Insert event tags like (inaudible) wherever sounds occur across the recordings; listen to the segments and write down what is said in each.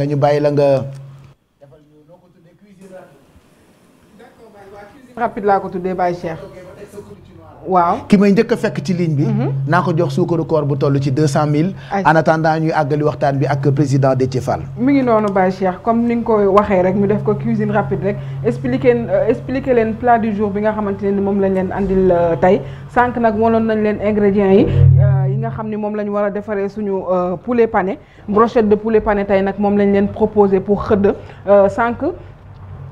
nga ñu bàyyi la nga. rapide laa ko tuddee bàyyi Cheikh. waaw ki may njëkk fekk ci ligne bi. Mhm. naa ko jox suukaru koor bu toll ci deux cent mille. en attendant ñuy àggali waxtaan bi ak président Déthié Fall. mi ngi noonu Baye Cheikh comme ni nga ko waxee rek ñu def ko cuisine rapide rek expliquer euh, expliquer leen plat du jour bi nga xamante ne ni moom lañ leen andil euh, tey sànq nag woloon nañ leen ingrédients yi. nga xam ni moom la ñu war a defaree suñu euh, poulet pané brochette de poulet pané tey nag moom lañ leen proposé pour xëdd euh, sànq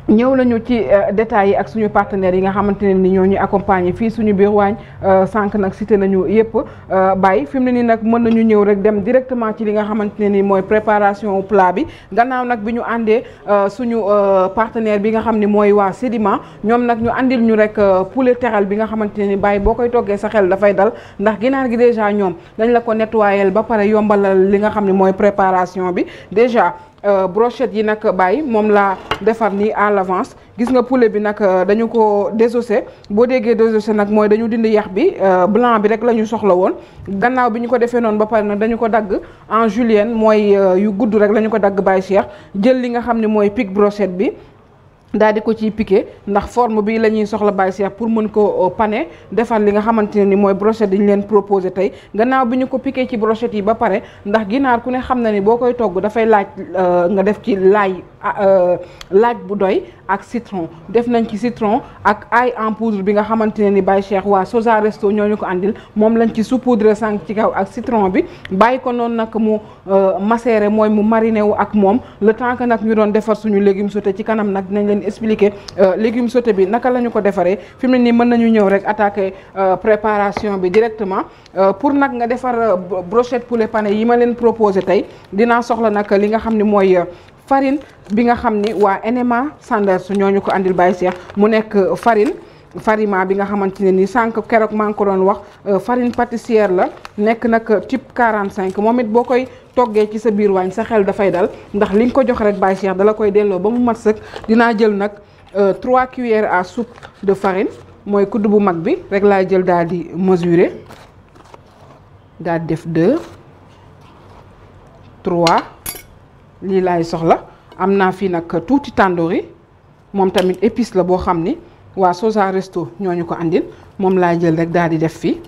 ñëw nañu ci euh, détails yi ak suñu partenaires yi nga xamante ne ni ñoo ñu accompagner fii suñu biir waañ euh, sànq nag cité nañu yëpp euh, bàyyi fi mu ne nii nag mën nañu ñëw rek dem directement ci li nga xamante ne ni mooy préparation plat bi gannaaw nag bi ñu àndee suñu partenaire bi nga xam ni mooy waa Sédima ñoom nag ñu àndil ñu rek poulet texal bi nga xamante ne ni bàyyi boo koy toggee sa xel dafay dal ndax ginaar gi déjà ñoom dañ la ko nettoyel ba pare yombalal li nga xam ne mooy préparation bi déjà Euh, brochette yi nag bàyyi moom laa defar nii à l'avance gis nga poulet bi nag euh, dañu ko désossé boo déggee désossé nag mooy dañu dindi yax bi euh, blanc bi rek la ñu soxla woon gannaaw bi ñu ko defee noonu ba pare nag dañu ko dagg en julienne mooy yu gudd rek la ñu ko dagg bàyyi Cheikh jël li nga xam ne mooy pic brochette bi daal di ko ciy piqué ndax forme bi la ñuy soxla Baye Cheikh pour mën ko euh, pane defar li nga xamante ne ni mooy brochette yi ñu leen proposé tey gannaaw bi ñu ko piqué ci brochette yi ba pare ndax ginaar ku ne xam na ni boo koy togg dafay laaj euh, nga def ci laay Ah, euh, laaj bu doy ak citron def nañ ci citron ak ail en poudre bi nga xamante ne ni Baye Cheikh waa Sosa Resto ñoo ñu ko andil moom lañ ci saupoudré sànq ci kaw ak citron bi bàyyi ko noonu nag mu euh, macéré mooy mu mariné wu ak moom le temps que nag ñu doon defar suñu légume sauté ci kanam nag nañ leen expliquer euh, légume sauté bi naka la ñu ko defaree fi mu ne nii mën nañu ñëw rek attaquer préparation bi directement pour nag nga defar brochette poulet pané yi ma leen proposé tey dinaa soxla nag li nga xam ne mooy farine bi nga xam ni waa NMA ñoo ñu ko andil Baye Cheikh mu nekk euh, farine farima bi nga xamante ne ni sànq keroog maa ngi ko doon wax euh, farine pâtissière la nekk nag type 45 moom it boo koy toggee ci sa biir waañ sa xel dafay dal ndax li nga ko jox rek Baye Cheikh dala koy delloo ba mu mat sëkk dinaa jël nag 3 euh, cuillères à soupe de farine mooy kudd bu mag bi rek laa jël daal di mesurer daal def 2 lii laay soxla am naa fii nag tuuti tandoori moom tamit épice la boo xam ni waa Sosa Resto ñoo ñu ko andil moom laay jël rek daal di def fii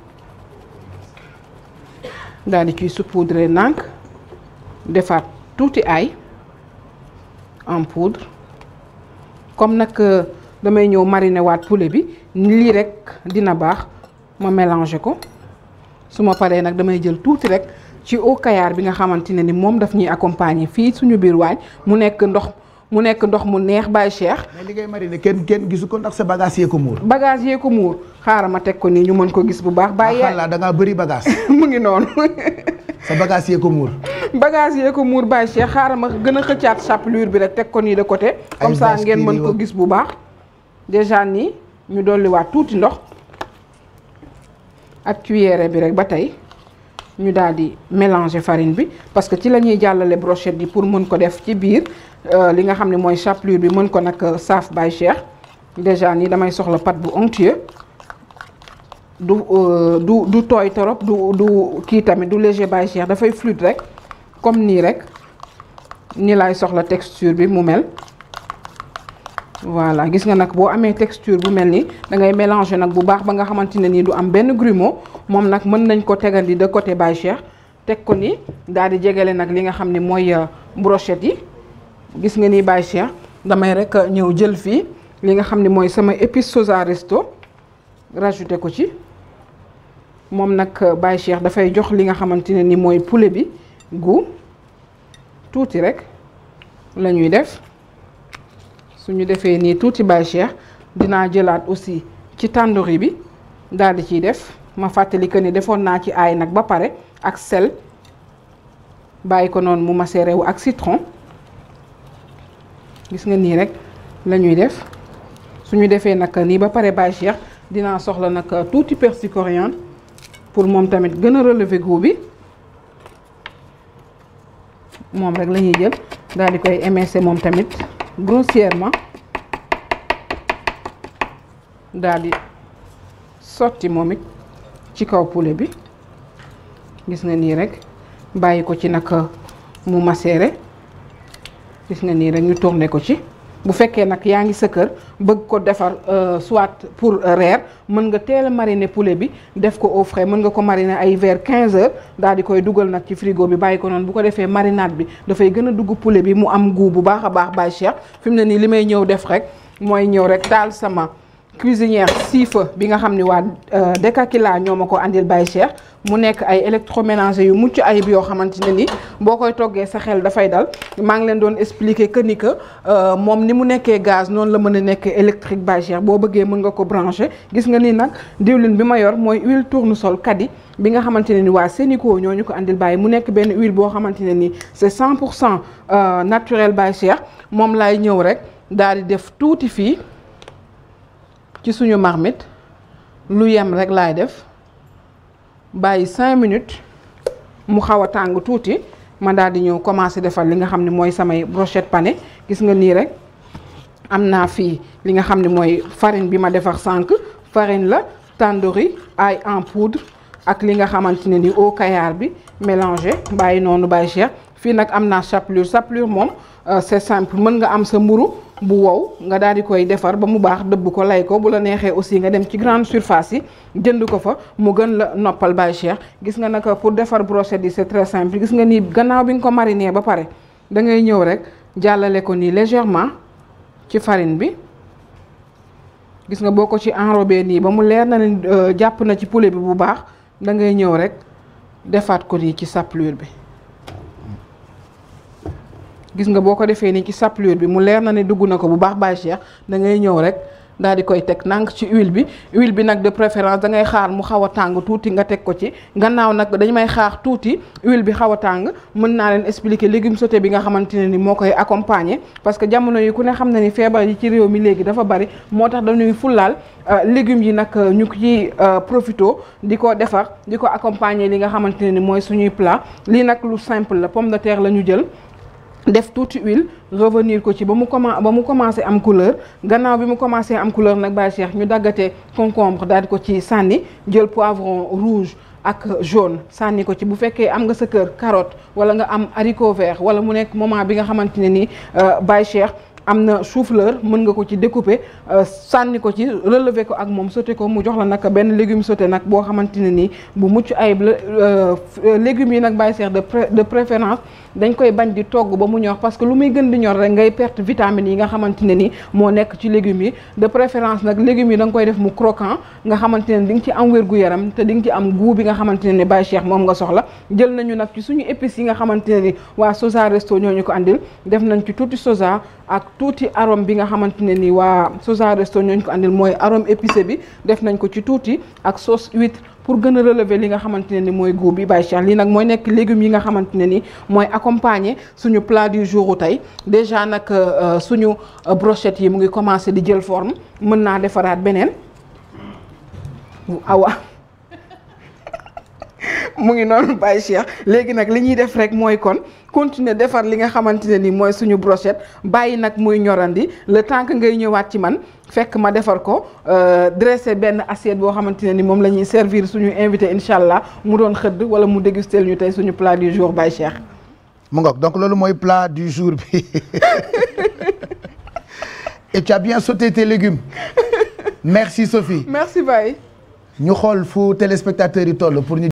daal di ciy saupoudrer nànk defaat tuuti ay en poudre comme nag euh, damay ñëw marine waat poulet bi lii rek dina baax ma mélanger ko su ma paree nag damay jël tuuti rek. ci eau Kayar bi nga xamante ne ni moom daf ñuy accompagner fii suñu biir waañ mu nekk ndox mu nekk ndox mu neex Baye Cheikh. li ngay mariner kenn kenn gisu ko ndax sa bagage yee ko muur. bagage yee ko muur xaaral ma teg ko nii ñu mën ko gis bu baax. bàyyi yàlla da ngaa bagage. (laughs) mu ngi noonu. sa ko muur. bagage ko muur Baye Cheikh xaaral ma gën a xëccaat chapelure bi rek teg ko nii de côté. comme ça ngeen mën ko gis bu baax. déjà nii ñu dolliwaat tuuti ndox ak cuillère bi rek ba tey. ñu daal di mélanger farine bi parce que ci la ñuy jàllale brochette yi pour mën ko def ci biir euh, li nga xam ne mooy chapelure bi mën ko nag euh, saaf bay cheikh déjà nii damay soxla pâte bu onctueux du euh, du du tooy trop du du kii tamit du léger bay cheikh dafay fluide rek comme nii rek ni laay soxla texture bi mu mel voilà gis nga nag boo amee texture bu mel ni da ngay mélanger nag bu baax ba nga xamante ne nii du am benn grumeau moom nag mën nañ ko tegandi de côté Baye Cheikh teg ko ni daal di jegele nag li nga xam ne mooy euh, brochette yi gis nga ni Baye Cheikh damay rek euh, ñëw jël fii li nga xam ni mooy sama épice sosa resto ko ci moom nag euh, Baye Cheikh dafay jox li nga xamante ne ni mooy poulet bi gu tuuti rek la ñuy def suñu defee nii tuuti bay cheikh dinaa jëlaat aussi ci tandoori bi daal di ciy def ma fàttali que ni defoon naa ci aay nag ba pare ak sel bàyyi ko noonu mu macéré wu ak citron gis nga nii rek la ñuy def suñu defee nag nii ba pare bay cheikh dinaa soxla nag tuuti persil coriandre pour moom tamit gën a relever goo bi moom rek la ñuy jël daal di koy émincé moom tamit grossièrement daal di sotti moom it ci kaw poulet bi gis nga nii rekk bàyyi ko ci nag mu macéré gis nga nii rek ñu tourné ko ci bu fekkee nag yaa ngi sa kër bëgg ko defar euh, soit pour euh, reer mën nga teel a mariner poulet bi def ko au frais mën nga ko mariner ay vers quinze heures daal di koy dugal nag ci frigo bi bàyyi ko noonu bu ko defee marinade bi dafay gën a dugg poulet bi mu am goût bu baax a baax bàyyi Cheikh fi mu ne nii li may ñëw def rek mooy ñëw rek taal sama. cuisinière Sifa bi nga xam ni waa euh, Dekakila ñoom ma ko andil Baye Cheikh mu nekk ay électroménager yu mucc ayib yoo xamante ne ni boo koy toggee sa xel dafay dal maa ngi leen doon expliquer que ni que euh, moom ni mu nekkee gaz noonu la mën a nekk électrique Baye Cheikh boo bëggee mën nga ko branché gis nga ni nag diwlin bi ma yor mooy huile tournesol kadi bi nga xamante ne ni waa Sénico ñoo ñu ko andil Baye mu nekk benn huile boo xamante ne nii c'est 100 pour cent euh, naturel Baye Cheikh moom laay ñëw rek daal di def tuuti fii. ci suñu marmit lu yem rek laay def bàyyi cinq minutes mu xaw a tàng tuuti ma daal di ñëw commencé defar li nga xam ne mooy samay brochette pané gis nga nii rek am naa fii li nga xam ni mooy farine bi ma defar sànq farine la tandoori ay en poudre ak li nga xamante ne ni eau caillard bi mélangé bàyyi noonu bàyyi Cheikh fii nag am naa chapelure chapelure moom euh, c'est simple mën nga am sa mburu bu wow nga daal di koy defar ba mu baax dëbb ko lay ko bu la neexee aussi nga dem ci grande surface yi jënd ko fa mu gën la noppal Baye Cheikh gis nga naka pour defar brochette yi c'est très simple gis nga nii gannaaw bi nga ko marinee ba pare da ngay ñëw rek jàllale ko nii légèrement ci farine bi gis nga boo ko ci enrobé nii ba mu leer na ne euh, jàpp na ci poulet bi bu baax da ngay ñëw rek defaat ko nii ci saplure bi gis nga boo ko defee nii ci saplure bi mu leer na ne dugg na ko bu baax Baye Cheikh da ngay ñëw rek daal di koy teg nànk ci huile bi huile bi nag de préférence da ngay xaar mu xaw a tàng tuuti nga teg ko ci gannaaw nag dañu may xaar tuuti huile bi xaw a tàng mën naa leen expliqué légume sauté bi nga xamante ne ni moo koy accompagner parce que jamono yi ku ne xam na ni feebar yi ci réew mi léegi dafa bari moo tax dañuy fullaal euh, légumes yi nag euh, ñu ci euh, profito di ko defar di ko accompagner li nga xamante ne ni mooy suñuy plat lii nag lu simple la pomme de terre la ñu jël def tuuti huile revenir ko ci ba mu commen ba mu commencé am couleur gannaaw bi mu commencé am couleur nag Baye Cheikh ñu daggate concombre daal ko ci sànni jël poivron rouge ak jaune sànni ko ci bu fekkee am nga sa kër carotte wala nga am haricot vert wala mu nekk moment bi nga xamante ne ni euh, Baye Cheikh am na chou-fleur mën nga ko ci découper euh, sànni ko ci relever ko ak moom sauté ko mu jox la nag benn légume sauté nag boo xamante ne nii bu mucc ayib la euh, légumes yi nag bàyyi seex de de préférence dañ koy bañ di togg ba mu ñor parce que lu muy gën di ñor rek ngay perte vitamines yi nga xamante ne ni moo nekk ci légumes yi de préférence nag légumes yi da nga koy def mu croquant nga xamante ne di nga ci am wérgu yaram te di nga ci am goût bi nga xamante ne ni Baye Cheikh moom nga soxla jël nañu nag ci suñu épices yi nga xamante ne ni waa Sosa ñoo ñu ko andil def nañ ci tuuti sosa ak tuuti arôme bi nga xamante ne ni waa Soza Resto ñooñ ko andil mooy arôme épicé bi def nañ ko ci tuuti ak sauce uit pour gën a relever li nga xamante ne ni mooy goût bi bay Cheikh lii nag mooy nekk légumes yi nga xamante ne ni mooy accompagner suñu plat du jour tey déjà nag euh, suñu euh, brochette yi mu ngi commencer di jël forme mën naa defaraat beneen awa mu ngi noonu bàyyi Cheikh léegi nag li ñuy def rek mooy kon continuer defar li nga xamante ne ni mooy suñu brochette bàyyi nag muy ñorandi le temps que ngay ñëwaat ci man fekk ma defar ko euh, dressé benn assiette boo xamante ne ni moom la ñuy servir suñu invité incha allah mu doon xëdd wala mu dégustel ñu tey suñu plat du jour Baye Cheikh. mu ngoog donc loolu mooy plat du jour bi (laughs) et tu bien sauté tes légumes (laughs) merci Sophie. merci Baye. ñu xool fu téléspectateurs yi toll pour